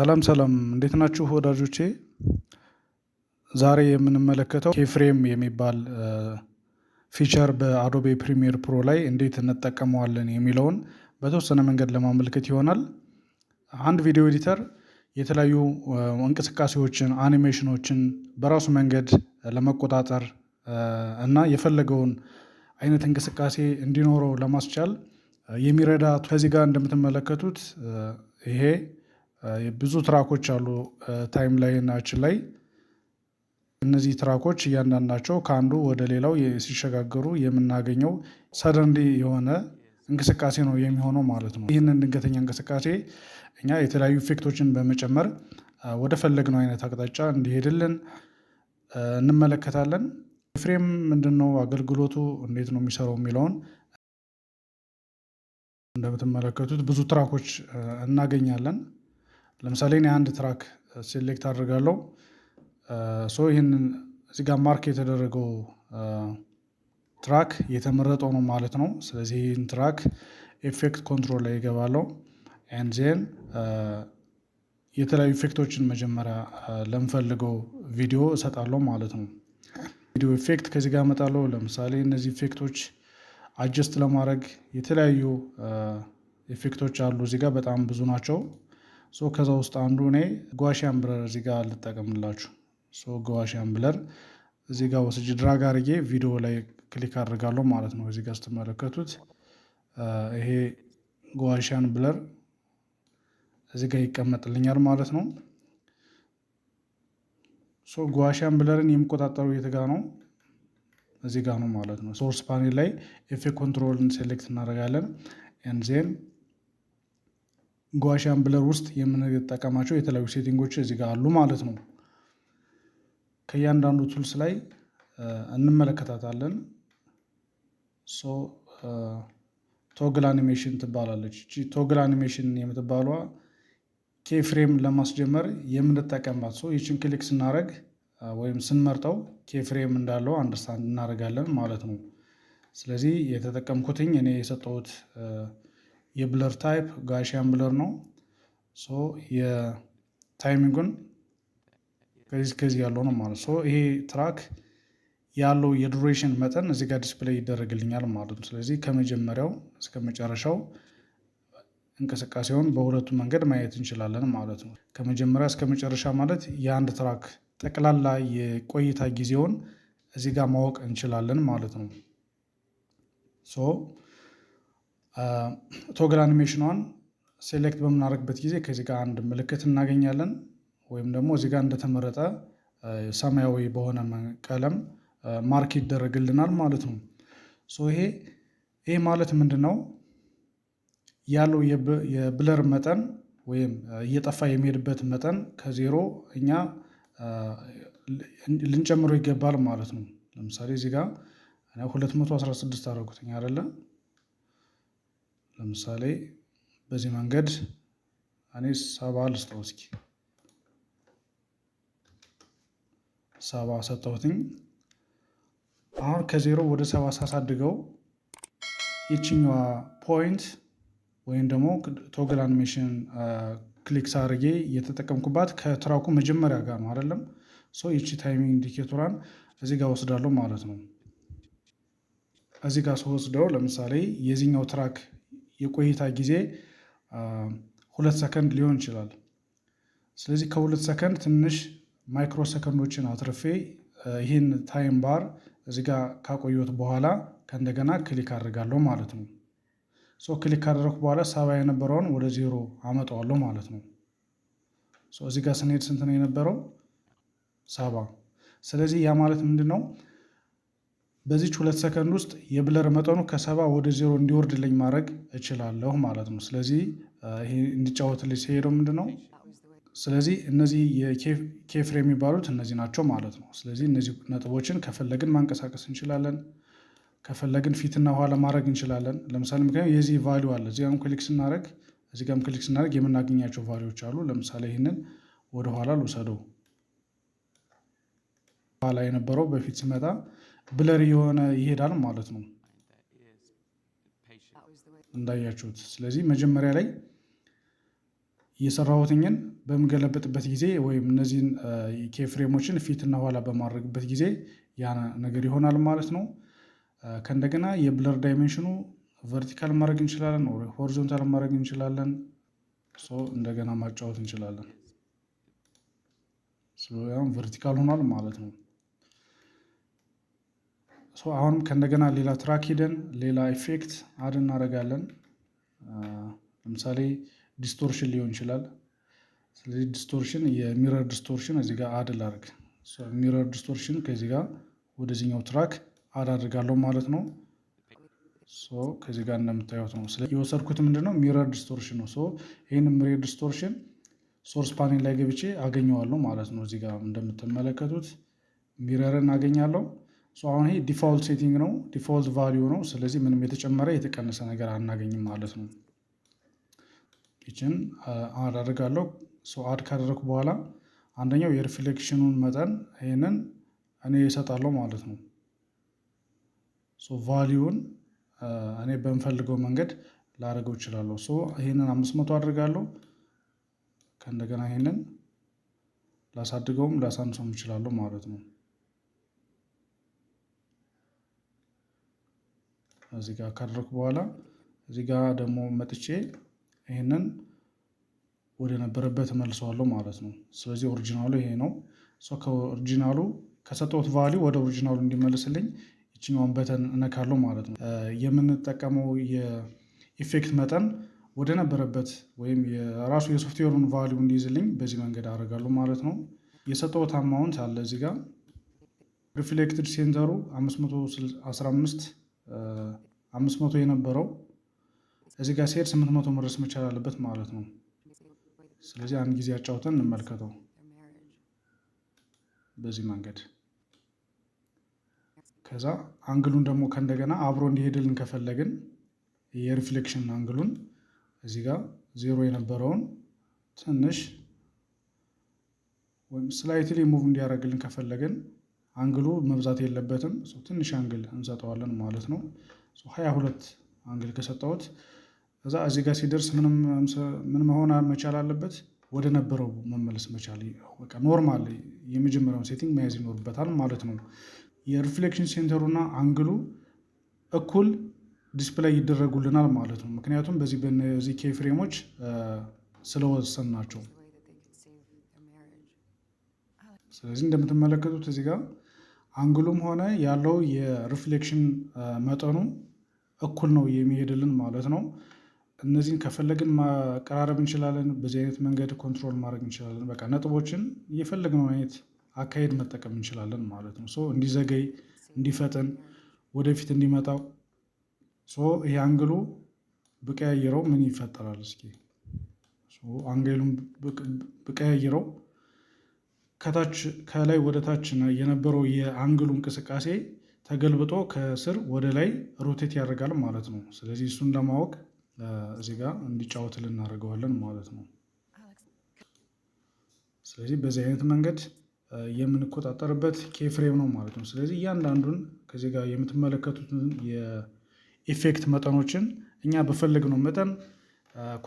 ሰላም ሰላም እንዴት ናችሁ ወዳጆቼ? ዛሬ የምንመለከተው ኬፍሬም የሚባል ፊቸር በአዶቤ ፕሪሚየር ፕሮ ላይ እንዴት እንጠቀመዋለን የሚለውን በተወሰነ መንገድ ለማመልከት ይሆናል። አንድ ቪዲዮ ኤዲተር የተለያዩ እንቅስቃሴዎችን፣ አኒሜሽኖችን በራሱ መንገድ ለመቆጣጠር እና የፈለገውን አይነት እንቅስቃሴ እንዲኖረው ለማስቻል የሚረዳ ከዚህ ጋር እንደምትመለከቱት ይሄ ብዙ ትራኮች አሉ ታይም ላይናችን ላይ እነዚህ ትራኮች እያንዳንዳቸው ከአንዱ ወደ ሌላው ሲሸጋገሩ የምናገኘው ሰደንዴ የሆነ እንቅስቃሴ ነው የሚሆነው ማለት ነው። ይህንን ድንገተኛ እንቅስቃሴ እኛ የተለያዩ ኢፌክቶችን በመጨመር ወደ ፈለግነው አይነት አቅጣጫ እንዲሄድልን እንመለከታለን። ፍሬም ምንድን ነው አገልግሎቱ፣ እንዴት ነው የሚሰራው የሚለውን እንደምትመለከቱት ብዙ ትራኮች እናገኛለን። ለምሳሌ እኔ አንድ ትራክ ሴሌክት አድርጋለሁ። ሶ ይህንን እዚህ ጋር ማርክ የተደረገው ትራክ የተመረጠው ነው ማለት ነው። ስለዚህ ይህን ትራክ ኤፌክት ኮንትሮል ላይ ይገባለሁ። ኤንድ ዜን የተለያዩ ኢፌክቶችን መጀመሪያ ለምፈልገው ቪዲዮ እሰጣለሁ ማለት ነው። ቪዲዮ ኢፌክት ከዚህ ጋር እመጣለሁ። ለምሳሌ እነዚህ ኢፌክቶች አጀስት ለማድረግ የተለያዩ ኢፌክቶች አሉ። እዚህ ጋር በጣም ብዙ ናቸው። ከዛ ውስጥ አንዱ እኔ ጓሽ አምብለር እዚህ ጋር ልጠቀምላችሁ። ጓሽ አምብለር እዚህ ጋር ወስጅ ድራግ አድርጌ ቪዲዮ ላይ ክሊክ አድርጋለሁ ማለት ነው። እዚህ ጋር ስትመለከቱት ይሄ ጓሽ አምብለር እዚህ ጋር ይቀመጥልኛል ማለት ነው። ጓሽ አምብለርን የሚቆጣጠሩ የት ጋ ነው? እዚህ ጋር ነው ማለት ነው። ሶርስ ፓኔል ላይ ኤፌ ኮንትሮልን ሴሌክት እናደርጋለን ኤንዜን ጓሻን ብለር ውስጥ የምንጠቀማቸው የተለያዩ ሴቲንጎች እዚህ ጋር አሉ ማለት ነው። ከእያንዳንዱ ቱልስ ላይ እንመለከታታለን። ቶግል አኒሜሽን ትባላለች። እቺ ቶግል አኒሜሽን የምትባሏ ኬፍሬም ለማስጀመር የምንጠቀምባት ሰው ይችን ክሊክ ስናደረግ ወይም ስንመርጠው ኬፍሬም እንዳለው አንደርስታንድ እናደርጋለን ማለት ነው። ስለዚህ የተጠቀምኩትኝ እኔ የሰጠሁት የብለር ታይፕ ጋሽያን ብለር ነው። ሶ የታይሚንጉን ከዚህ ከዚህ ያለው ነው ማለት ነው። ይሄ ትራክ ያለው የዱሬሽን መጠን እዚህ ጋር ዲስፕሌይ ይደረግልኛል ማለት ነው። ስለዚህ ከመጀመሪያው እስከ መጨረሻው እንቅስቃሴውን በሁለቱ መንገድ ማየት እንችላለን ማለት ነው። ከመጀመሪያ እስከ መጨረሻ ማለት የአንድ ትራክ ጠቅላላ የቆይታ ጊዜውን እዚህ ጋር ማወቅ እንችላለን ማለት ነው። ቶግል አኒሜሽኗን ሴሌክት በምናደርግበት ጊዜ ከዚህ ጋር አንድ ምልክት እናገኛለን ወይም ደግሞ እዚህ ጋር እንደተመረጠ ሰማያዊ በሆነ ቀለም ማርክ ይደረግልናል ማለት ነው። ሶ ይሄ ይሄ ማለት ምንድን ነው ያለው የብለር መጠን ወይም እየጠፋ የሚሄድበት መጠን ከዜሮ እኛ ልንጨምሮ ይገባል ማለት ነው። ለምሳሌ እዚህ ጋር 216 አደረጉትኝ አይደለ ለምሳሌ በዚህ መንገድ እኔ ሰባ ልስጠው እስኪ ሰባ ሰጠሁትኝ። አሁን ከዜሮ ወደ ሰባ ሳሳድገው የችኛዋ ፖይንት ወይም ደግሞ ቶግል አኒሜሽን ክሊክ ሳርጌ እየተጠቀምኩባት ከትራኩ መጀመሪያ ጋር ነው አይደለም። ሶ ይቺ ታይሚንግ ኢንዲኬተሯን እዚህ ጋር ወስዳለሁ ማለት ነው። እዚ ጋር ስወስደው ለምሳሌ የዚህኛው ትራክ የቆይታ ጊዜ ሁለት ሰከንድ ሊሆን ይችላል። ስለዚህ ከሁለት ሰከንድ ትንሽ ማይክሮ ሰከንዶችን አትርፌ ይህን ታይም ባር እዚ ጋ ካቆየሁት በኋላ ከእንደገና ክሊክ አድርጋለሁ ማለት ነው። ሶ ክሊክ ካደረኩ በኋላ ሰባ የነበረውን ወደ ዜሮ አመጣዋለሁ ማለት ነው። እዚህ ጋር ስንሄድ ስንት ነው የነበረው? ሰባ። ስለዚህ ያ ማለት ምንድን ነው? በዚች ሁለት ሰከንድ ውስጥ የብለር መጠኑ ከሰባ ወደ ዜሮ እንዲወርድልኝ ማድረግ እችላለሁ ማለት ነው። ስለዚህ ይሄ እንዲጫወትልኝ ሲሄደው ምንድን ነው ስለዚህ እነዚህ የኬፍሬ የሚባሉት እነዚህ ናቸው ማለት ነው። ስለዚህ እነዚህ ነጥቦችን ከፈለግን ማንቀሳቀስ እንችላለን፣ ከፈለግን ፊትና ኋላ ማድረግ እንችላለን። ለምሳሌ ምክንያቱም የዚህ ቫሊዩ አለ እዚህ ጋም ክሊክ ስናደረግ እዚህ ጋም ክሊክ ስናደረግ የምናገኛቸው ቫሊዎች አሉ። ለምሳሌ ይህንን ወደኋላ ልውሰደው ኋላ የነበረው በፊት ሲመጣ ብለር የሆነ ይሄዳል ማለት ነው እንዳያችሁት። ስለዚህ መጀመሪያ ላይ የሰራሁትኝን በምገለበጥበት ጊዜ ወይም እነዚህን ኬፍሬሞችን ፊትና ኋላ በማድረግበት ጊዜ ያ ነገር ይሆናል ማለት ነው። ከእንደገና የብለር ዳይሜንሽኑ ቨርቲካል ማድረግ እንችላለን፣ ሆሪዞንታል ማድረግ እንችላለን፣ እንደገና ማጫወት እንችላለን። ቨርቲካል ሆኗል ማለት ነው። አሁንም ከእንደገና ሌላ ትራክ ሂደን ሌላ ኢፌክት አድ እናደርጋለን። ለምሳሌ ዲስቶርሽን ሊሆን ይችላል። ስለዚህ ዲስቶርሽን የሚረር ዲስቶርሽን እዚህ ጋር አድ ላድርግ። ሚረር ዲስቶርሽን ከዚህ ጋር ወደዚኛው ትራክ አድ አድርጋለሁ ማለት ነው። ከዚህ ጋር እንደምታዩት ነው። የወሰድኩት ምንድነው ሚረር ዲስቶርሽን ነው። ይህን ሚረር ዲስቶርሽን ሶርስ ፓኔል ላይ ገብቼ አገኘዋለሁ ማለት ነው። እዚህ ጋር እንደምትመለከቱት ሚረርን አገኛለሁ። አሁን ይሄ ዲፋልት ሴቲንግ ነው፣ ዲፋልት ቫሊዩ ነው። ስለዚህ ምንም የተጨመረ የተቀነሰ ነገር አናገኝም ማለት ነው። ይችን አድ አድርጋለሁ። አድ ካደረግኩ በኋላ አንደኛው የሪፍሌክሽኑን መጠን ይህንን እኔ እሰጣለሁ ማለት ነው። ቫሊዩን እኔ በምፈልገው መንገድ ላደርገው እችላለሁ። ይህንን አምስት መቶ አድርጋለሁ። ከእንደገና ይህንን ላሳድገውም ላሳንሰውም እችላለሁ ማለት ነው። እዚህ ጋር ካደረኩ በኋላ እዚህ ጋር ደግሞ መጥቼ ይህንን ወደ ነበረበት መልሰዋለሁ ማለት ነው። ስለዚህ ኦሪጂናሉ ይሄ ነው። ከኦሪጂናሉ ከሰጠሁት ቫሊው ወደ ኦሪጂናሉ እንዲመልስልኝ ይችኛውን በተን እነካለሁ ማለት ነው። የምንጠቀመው የኢፌክት መጠን ወደ ነበረበት ወይም የራሱ የሶፍትዌሩን ቫሊው እንዲይዝልኝ በዚህ መንገድ አደርጋለሁ ማለት ነው። የሰጠሁት አማውንት አለ እዚህ ጋር ሪፍሌክትድ ሴንተሩ 515 አምስት መቶ የነበረው እዚህ ጋር ሲሄድ ስምንት መቶ መድረስ መቻል አለበት ማለት ነው። ስለዚህ አንድ ጊዜ አጫውተን እንመልከተው በዚህ መንገድ ከዛ አንግሉን ደግሞ ከእንደገና አብሮ እንዲሄድልን ከፈለግን የሪፍሌክሽን አንግሉን እዚህ ጋር ዜሮ የነበረውን ትንሽ ወይም ስላይትሊ ሙቭ እንዲያደርግልን ከፈለግን አንግሉ መብዛት የለበትም ትንሽ አንግል እንሰጠዋለን ማለት ነው። ሀያ ሁለት አንግል ከሰጠሁት ከዛ እዚህ ጋር ሲደርስ ምን መሆን መቻል አለበት ወደ ነበረው መመለስ መቻል በቃ ኖርማል የመጀመሪያውን ሴቲንግ መያዝ ይኖርበታል ማለት ነው። የሪፍሌክሽን ሴንተሩ እና አንግሉ እኩል ዲስፕላይ ይደረጉልናል ማለት ነው። ምክንያቱም በዚህ በነዚህ ኬ ፍሬሞች ስለወሰን ናቸው። ስለዚህ እንደምትመለከቱት እዚህ ጋር አንግሉም ሆነ ያለው የሪፍሌክሽን መጠኑ እኩል ነው የሚሄድልን ማለት ነው። እነዚህን ከፈለግን ማቀራረብ እንችላለን። በዚህ አይነት መንገድ ኮንትሮል ማድረግ እንችላለን። በቃ ነጥቦችን የፈለግነው አይነት አካሄድ መጠቀም እንችላለን ማለት ነው። እንዲዘገይ፣ እንዲፈጥን፣ ወደፊት እንዲመጣው ይህ ይሄ አንግሉ ብቀያየረው ምን ይፈጠራል? እስኪ አንግሉን ብቀያየረው ከታች ከላይ ወደ ታች የነበረው የአንግሉ እንቅስቃሴ ተገልብጦ ከስር ወደ ላይ ሮቴት ያደርጋል ማለት ነው። ስለዚህ እሱን ለማወቅ እዚህ ጋር እንዲጫወት ልናደርገዋለን ማለት ነው። ስለዚህ በዚህ አይነት መንገድ የምንቆጣጠርበት ኬፍሬም ነው ማለት ነው። ስለዚህ እያንዳንዱን ከዚህ ጋር የምትመለከቱትን የኢፌክት መጠኖችን እኛ በፈለግነው መጠን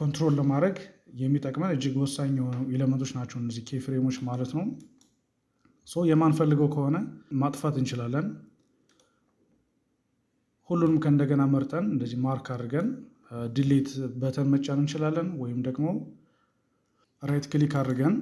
ኮንትሮል ለማድረግ የሚጠቅመን እጅግ ወሳኝ የሆኑ ኤሌመንቶች ናቸው እነዚህ ኬ ፍሬሞች ማለት ነው። ሶ የማንፈልገው ከሆነ ማጥፋት እንችላለን። ሁሉንም ከእንደገና መርጠን እንደዚህ ማርክ አድርገን ዲሌት በተን መጫን እንችላለን፣ ወይም ደግሞ ራይት ክሊክ አድርገን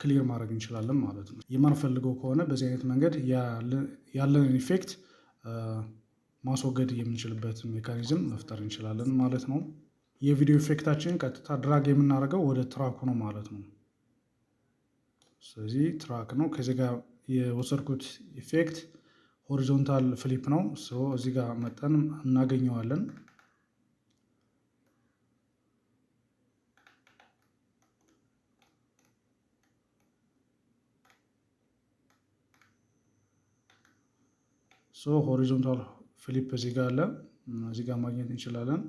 ክሊር ማድረግ እንችላለን ማለት ነው። የማንፈልገው ከሆነ በዚህ አይነት መንገድ ያለንን ኢፌክት ማስወገድ የምንችልበት ሜካኒዝም መፍጠር እንችላለን ማለት ነው። የቪዲዮ ኢፌክታችንን ቀጥታ ድራግ የምናደርገው ወደ ትራኩ ነው ማለት ነው። ስለዚህ ትራክ ነው። ከዚህ ጋር የወሰድኩት ኢፌክት ሆሪዞንታል ፍሊፕ ነው። እዚህ ጋር መጠን እናገኘዋለን። ሆሪዞንታል ፍሊፕ እዚህ ጋር አለ። እዚህ ጋር ማግኘት እንችላለን።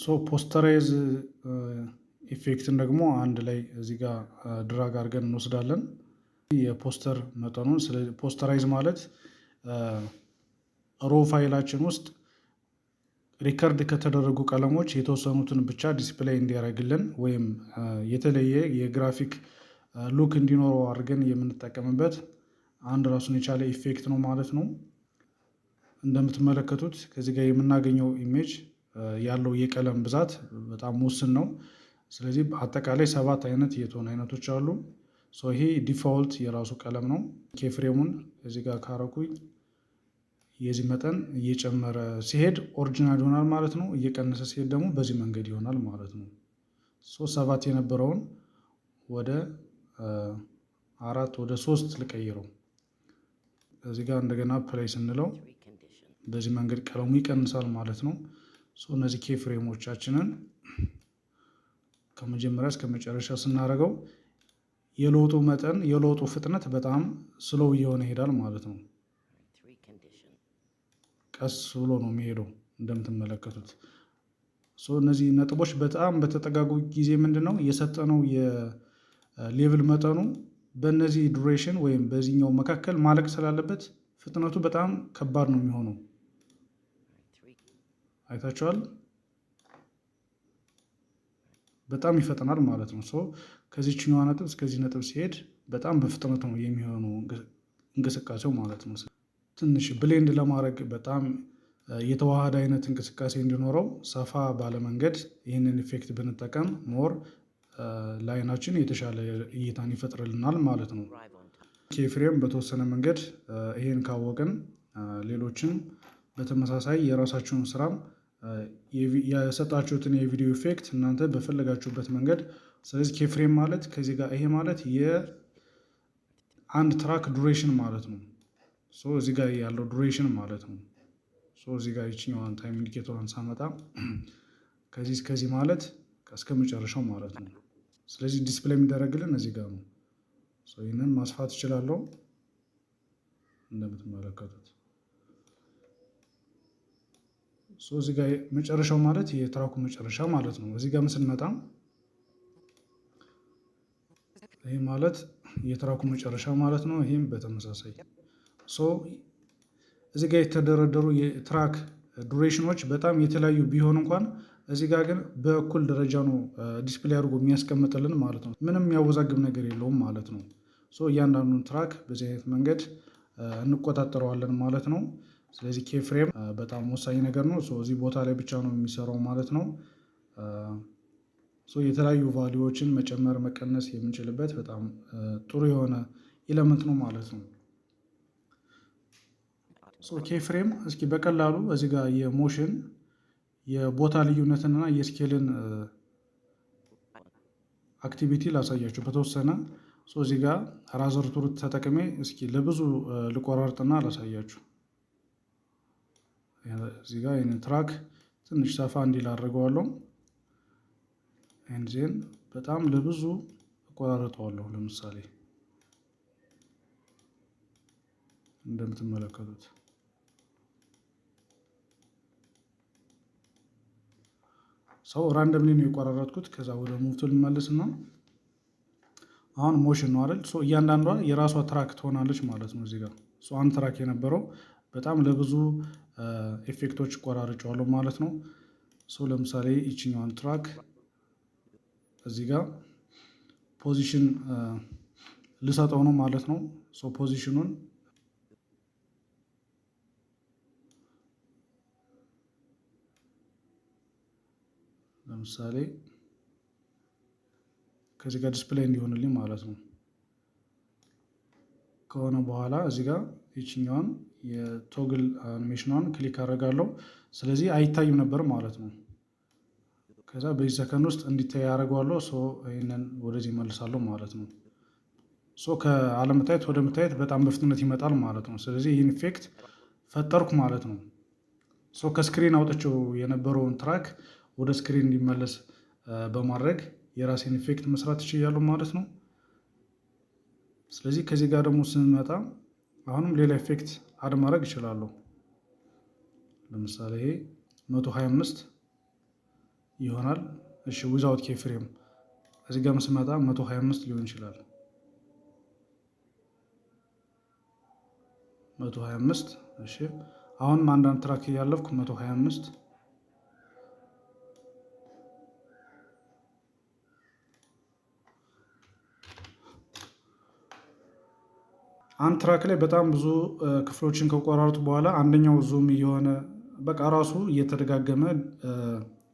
ሶ ፖስተራይዝ ኢፌክትን ደግሞ አንድ ላይ እዚህ ጋር ድራግ አድርገን እንወስዳለን። የፖስተር መጠኑን ፖስተራይዝ ማለት ሮ ፋይላችን ውስጥ ሪከርድ ከተደረጉ ቀለሞች የተወሰኑትን ብቻ ዲስፕላይ እንዲያደርግልን ወይም የተለየ የግራፊክ ሉክ እንዲኖረው አድርገን የምንጠቀምበት አንድ ራሱን የቻለ ኢፌክት ነው ማለት ነው። እንደምትመለከቱት ከዚህ ጋር የምናገኘው ኢሜጅ ያለው የቀለም ብዛት በጣም ውስን ነው። ስለዚህ አጠቃላይ ሰባት አይነት የቶን አይነቶች አሉ። ይሄ ዲፋልት የራሱ ቀለም ነው። ኬፍሬሙን እዚህ ጋር ካረኩኝ የዚህ መጠን እየጨመረ ሲሄድ ኦሪጂናል ይሆናል ማለት ነው። እየቀነሰ ሲሄድ ደግሞ በዚህ መንገድ ይሆናል ማለት ነው። ሶስት ሰባት የነበረውን ወደ አራት ወደ ሶስት ልቀይረው። እዚህ ጋር እንደገና ፕላይ ስንለው በዚህ መንገድ ቀለሙ ይቀንሳል ማለት ነው። እነዚህ ኬ ፍሬሞቻችንን ከመጀመሪያ እስከ መጨረሻ ስናደርገው የለውጡ መጠን የለውጡ ፍጥነት በጣም ስሎው እየሆነ ይሄዳል ማለት ነው። ቀስ ብሎ ነው የሚሄደው እንደምትመለከቱት። እነዚህ ነጥቦች በጣም በተጠጋጉ ጊዜ ምንድን ነው የሰጠነው የሌቭል መጠኑ በእነዚህ ዱሬሽን ወይም በዚህኛው መካከል ማለቅ ስላለበት ፍጥነቱ በጣም ከባድ ነው የሚሆነው። አይታችኋል። በጣም ይፈጥናል ማለት ነው። ሰው ከዚችኛዋ ነጥብ እስከዚህ ነጥብ ሲሄድ በጣም በፍጥነት ነው የሚሆኑ እንቅስቃሴው ማለት ነው። ትንሽ ብሌንድ ለማድረግ በጣም የተዋሃደ አይነት እንቅስቃሴ እንዲኖረው ሰፋ ባለመንገድ ይህንን ኢፌክት ብንጠቀም ሞር ለአይናችን የተሻለ እይታን ይፈጥርልናል ማለት ነው። ኬፍሬም በተወሰነ መንገድ ይሄን ካወቅን ሌሎችን በተመሳሳይ የራሳቸውን ስራም የሰጣችሁትን የቪዲዮ ኢፌክት እናንተ በፈለጋችሁበት መንገድ ስለዚህ ኬፍሬም ማለት ከዚህ ጋር ይሄ ማለት የአንድ ትራክ ዱሬሽን ማለት ነው። ሶ እዚህ ጋር ያለው ዱሬሽን ማለት ነው። ሶ እዚህ ጋር ይችኛዋን ታይም ኢንዲኬተሯን ሳመጣ ከዚህ እስከዚህ ማለት እስከ መጨረሻው ማለት ነው። ስለዚህ ዲስፕሌይ የሚደረግልን እዚህ ጋር ነው። ይህንን ማስፋት እችላለሁ እንደምትመለከቱት እዚህ ጋ መጨረሻው ማለት የትራኩ መጨረሻ ማለት ነው። እዚህ ጋ ስንመጣ ይህ ማለት የትራኩ መጨረሻ ማለት ነው። ይህም በተመሳሳይ እዚህ ጋ የተደረደሩ የትራክ ዱሬሽኖች በጣም የተለያዩ ቢሆን እንኳን እዚህ ጋ ግን በእኩል ደረጃ ነው ዲስፕሌይ አድርጎ የሚያስቀምጥልን ማለት ነው። ምንም የሚያወዛግብ ነገር የለውም ማለት ነው። እያንዳንዱን ትራክ በዚህ አይነት መንገድ እንቆጣጠረዋለን ማለት ነው። ስለዚህ ኬፍሬም በጣም ወሳኝ ነገር ነው። እዚህ ቦታ ላይ ብቻ ነው የሚሰራው ማለት ነው። የተለያዩ ቫሊዎችን መጨመር መቀነስ የምንችልበት በጣም ጥሩ የሆነ ኢለመንት ነው ማለት ነው። ኬፍሬም እስኪ በቀላሉ እዚህ ጋር የሞሽን የቦታ ልዩነትንና የስኬልን አክቲቪቲ ላሳያቸው በተወሰነ እዚህ ጋር ራዘር ተጠቅሜ እስኪ ለብዙ ልቆራርጥና ላሳያችሁ። እዚህ ጋር ይህንን ትራክ ትንሽ ሰፋ እንዲል አድርገዋለሁ። ኤንዚን በጣም ለብዙ እቆራረጠዋለሁ። ለምሳሌ እንደምትመለከቱት ሰው ራንደምሊ ነው የቆራረጥኩት። ከዛ ወደ ሙቭ ልመልስ ነው። አሁን ሞሽን ነው አይደል? እያንዳንዷ የራሷ ትራክ ትሆናለች ማለት ነው። እዚህ ጋር አንድ ትራክ የነበረው በጣም ለብዙ ኤፌክቶች ቆራርጫዋለሁ ማለት ነው። ሰው ለምሳሌ ይችኛዋን ትራክ እዚህ ጋር ፖዚሽን ልሰጠው ነው ማለት ነው። ፖዚሽኑን ለምሳሌ ከዚህ ጋር ዲስፕላይ እንዲሆንልኝ ማለት ነው። ከሆነ በኋላ እዚህ ጋር ይችኛዋን የቶግል አኒሜሽኗን ክሊክ አደርጋለሁ። ስለዚህ አይታይም ነበር ማለት ነው። ከዛ በዚህ ሰከንድ ውስጥ እንዲታይ አደርገዋለሁ። ይህንን ወደዚህ መልሳለሁ ማለት ነው። ከአለመታየት ወደ መታየት በጣም በፍጥነት ይመጣል ማለት ነው። ስለዚህ ይህን ኢፌክት ፈጠርኩ ማለት ነው። ከስክሪን አውጥቼው የነበረውን ትራክ ወደ ስክሪን እንዲመለስ በማድረግ የራሴን ኢፌክት መስራት እችላለሁ ማለት ነው። ስለዚህ ከዚህ ጋር ደግሞ ስንመጣ አሁንም ሌላ ኢፌክት አድ ማድረግ ይችላሉ። ለምሳሌ ይሄ 125 ይሆናል። እሺ ዊዛውት ኬ ፍሬም እዚህ ጋር ስመጣ 125 ሊሆን ይችላል። 125 እሺ አሁንም አንዳንድ ትራክ እያለፍኩ 125 ትራክ ላይ በጣም ብዙ ክፍሎችን ከቆራረጡ በኋላ አንደኛው ዙም እየሆነ በቃ ራሱ እየተደጋገመ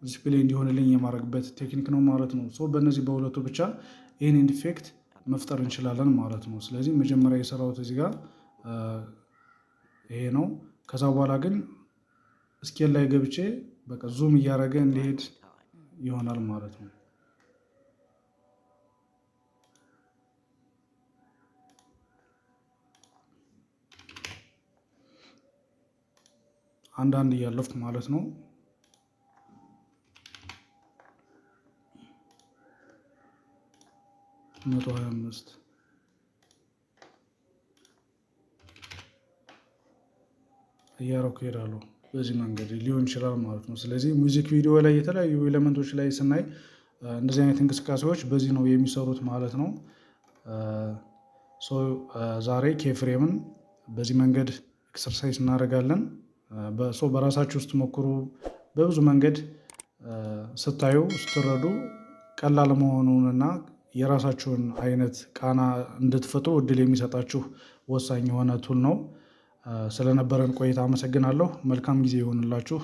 ዲስፕሌይ እንዲሆንልኝ የማድረግበት ቴክኒክ ነው ማለት ነው። በእነዚህ በሁለቱ ብቻ ይህን ኢንዲፌክት መፍጠር እንችላለን ማለት ነው። ስለዚህ መጀመሪያ የሰራሁት እዚህ ጋር ይሄ ነው። ከዛ በኋላ ግን ስኬል ላይ ገብቼ በቃ ዙም እያደረገ እንዲሄድ ይሆናል ማለት ነው። አንዳንድ እያለፍኩ ማለት ነው። መቶ ሀያ አምስት በዚህ መንገድ ሊሆን ይችላል ማለት ነው። ስለዚህ ሙዚክ ቪዲዮ ላይ የተለያዩ ኤሌመንቶች ላይ ስናይ እንደዚህ አይነት እንቅስቃሴዎች በዚህ ነው የሚሰሩት ማለት ነው። ዛሬ ኬፍሬምን በዚህ መንገድ ኤክሰርሳይዝ እናደርጋለን። በሰው በራሳችሁ ስትሞክሩ በብዙ መንገድ ስታዩ ስትረዱ ቀላል መሆኑንና የራሳችሁን አይነት ቃና እንድትፈጥሩ እድል የሚሰጣችሁ ወሳኝ የሆነ ቱል ነው። ስለነበረን ቆይታ አመሰግናለሁ። መልካም ጊዜ ይሆንላችሁ።